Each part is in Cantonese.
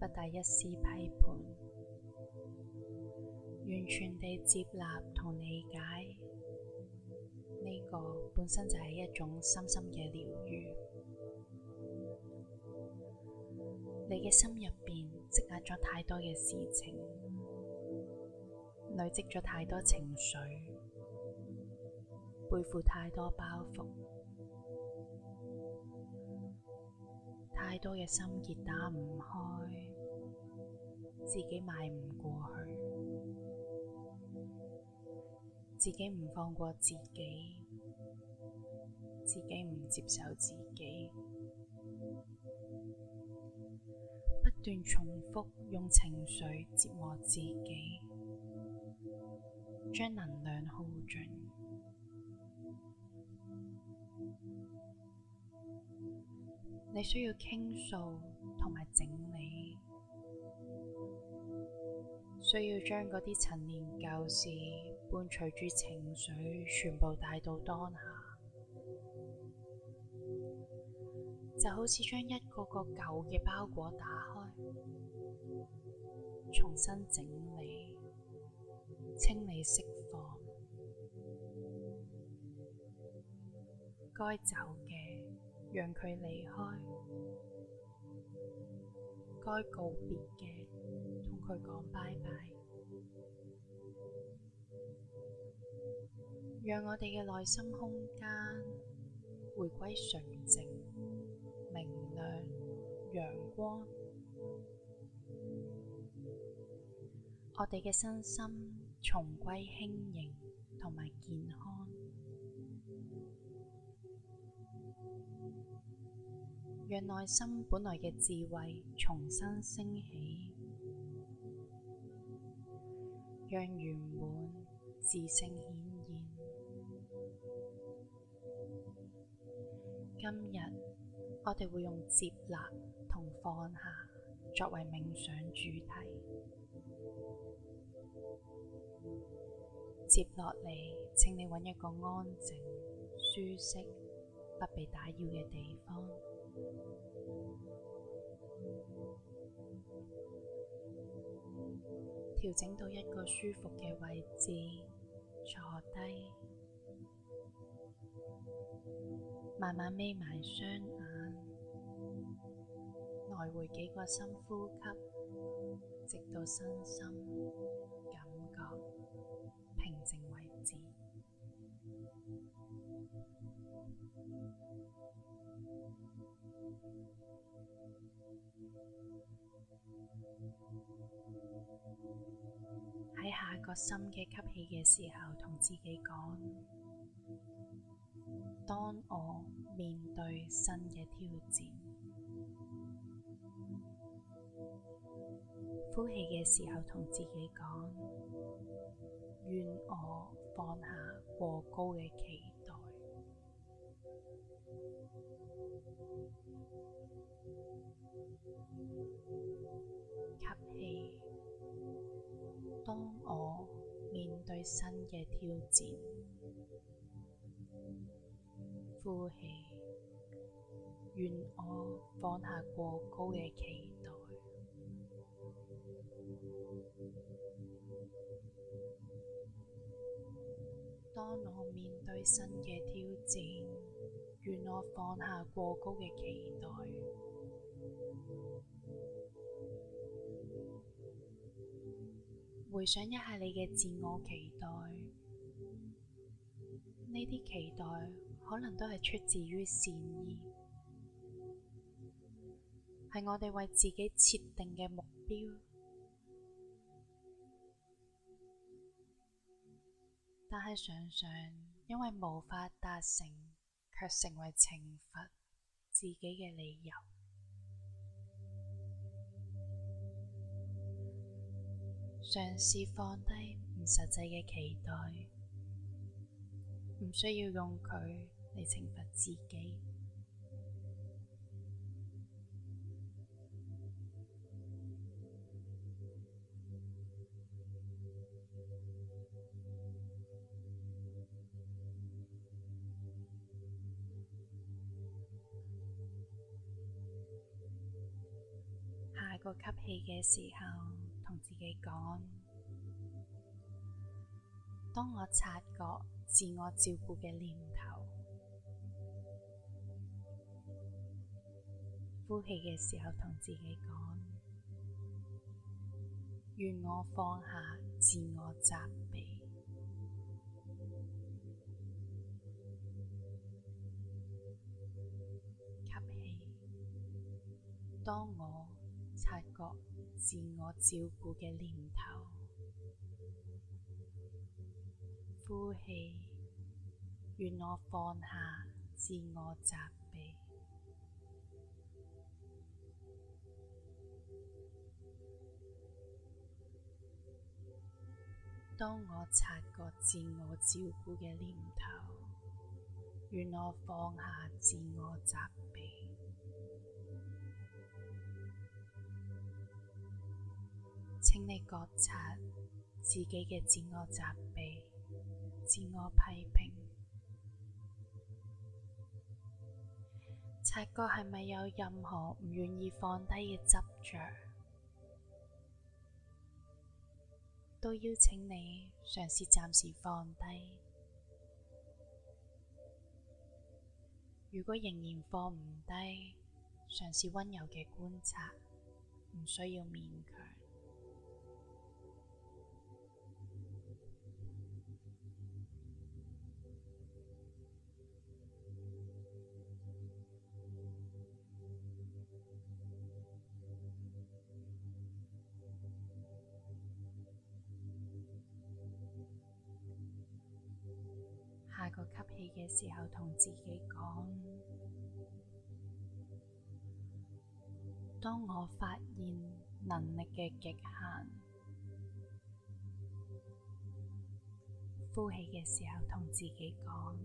不帶一絲批判，完全地接納同理解，呢個本身就係一種深深嘅療愈。你嘅心入邊積壓咗太多嘅事情，累積咗太多情緒，背負太多包袱，太多嘅心結打唔開。自己邁唔過去，自己唔放過自己，自己唔接受自己，不斷重複用情緒折磨自己，將能量耗盡，你需要傾訴同埋整理。需要將嗰啲陳年舊事伴隨住情緒，全部帶到當下，就好似將一個個舊嘅包裹打開，重新整理、清理、釋放，該走嘅讓佢離開，該告別嘅。去講拜拜，讓我哋嘅內心空間回歸純淨、明亮、陽光，我哋嘅身心重歸輕盈同埋健康，讓內心本來嘅智慧重新升起。讓圓滿自性顯現。今日我哋會用接納同放下作為冥想主題。接落嚟，請你搵一個安靜、舒適、不被打擾嘅地方。調整到一個舒服嘅位置，坐低，慢慢眯埋雙眼，來回幾個深呼吸，直到身心。喺下個深嘅吸氣嘅時候，同自己講：當我面對新嘅挑戰，呼氣嘅時候，同自己講：願我放下過高嘅期待。吸氣，當我面對新嘅挑戰，呼氣，願我放下過高嘅期待。當我面對新嘅挑戰，願我放下過高嘅期待。回想一下你嘅自我期待，呢啲期待可能都係出自於善意，係我哋為自己設定嘅目標，但係想想，因為無法達成，卻成為懲罰自己嘅理由。嘗試放低唔實際嘅期待，唔需要用佢嚟懲罰自己。下個吸氣嘅時候，自己講，當我察覺自我照顧嘅念頭，呼氣嘅時候同自己講，願我放下自我責備。吸氣，當我察覺。自我照顧嘅念頭，呼氣，願我放下自我責備。當我察覺自我照顧嘅念頭，願我放下自我責備。請你覺察自己嘅自我責備、自我批評，察覺係咪有任何唔願意放低嘅執着，都邀請你嘗試暫時放低。如果仍然放唔低，嘗試温柔嘅觀察，唔需要勉強。個吸氣嘅時候，同自己講：當我發現能力嘅極限，呼氣嘅時候，同自己講：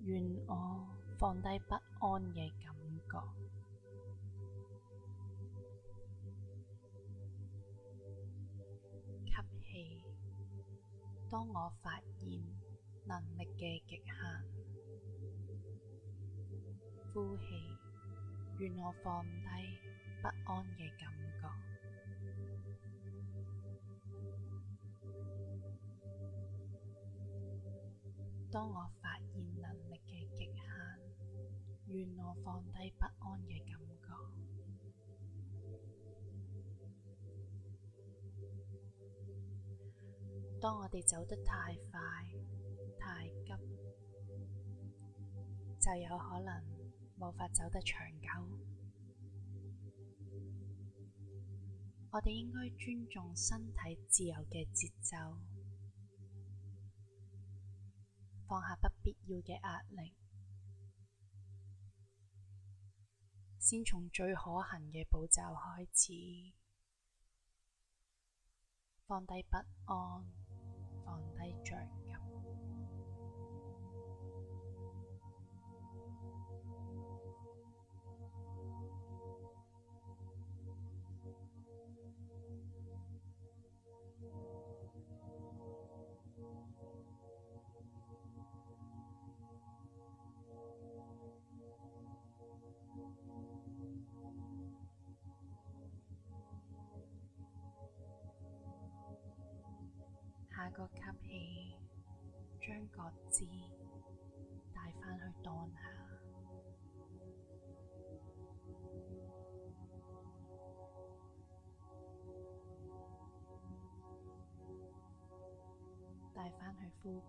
願我放低不安嘅感覺。吸氣，當我發現。能力嘅極限，呼氣，願我放低不安嘅感覺。當我發現能力嘅極限，願我放低不安嘅感覺。當我哋走得太快，就有可能冇法走得長久。我哋應該尊重身體自由嘅節奏，放下不必要嘅壓力，先從最可行嘅步驟開始，放低不安，放低罪。個吸氣，將個字帶返去當下，帶返去呼吸，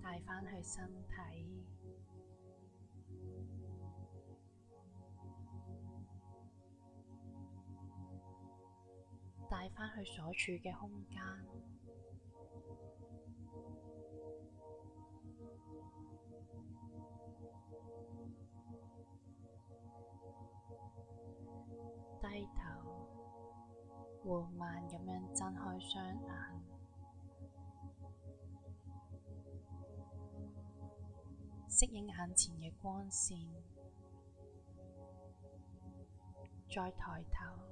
帶返去身體。睇返去所處嘅空間，低頭，緩慢咁樣睜開雙眼，適應眼前嘅光線，再抬頭。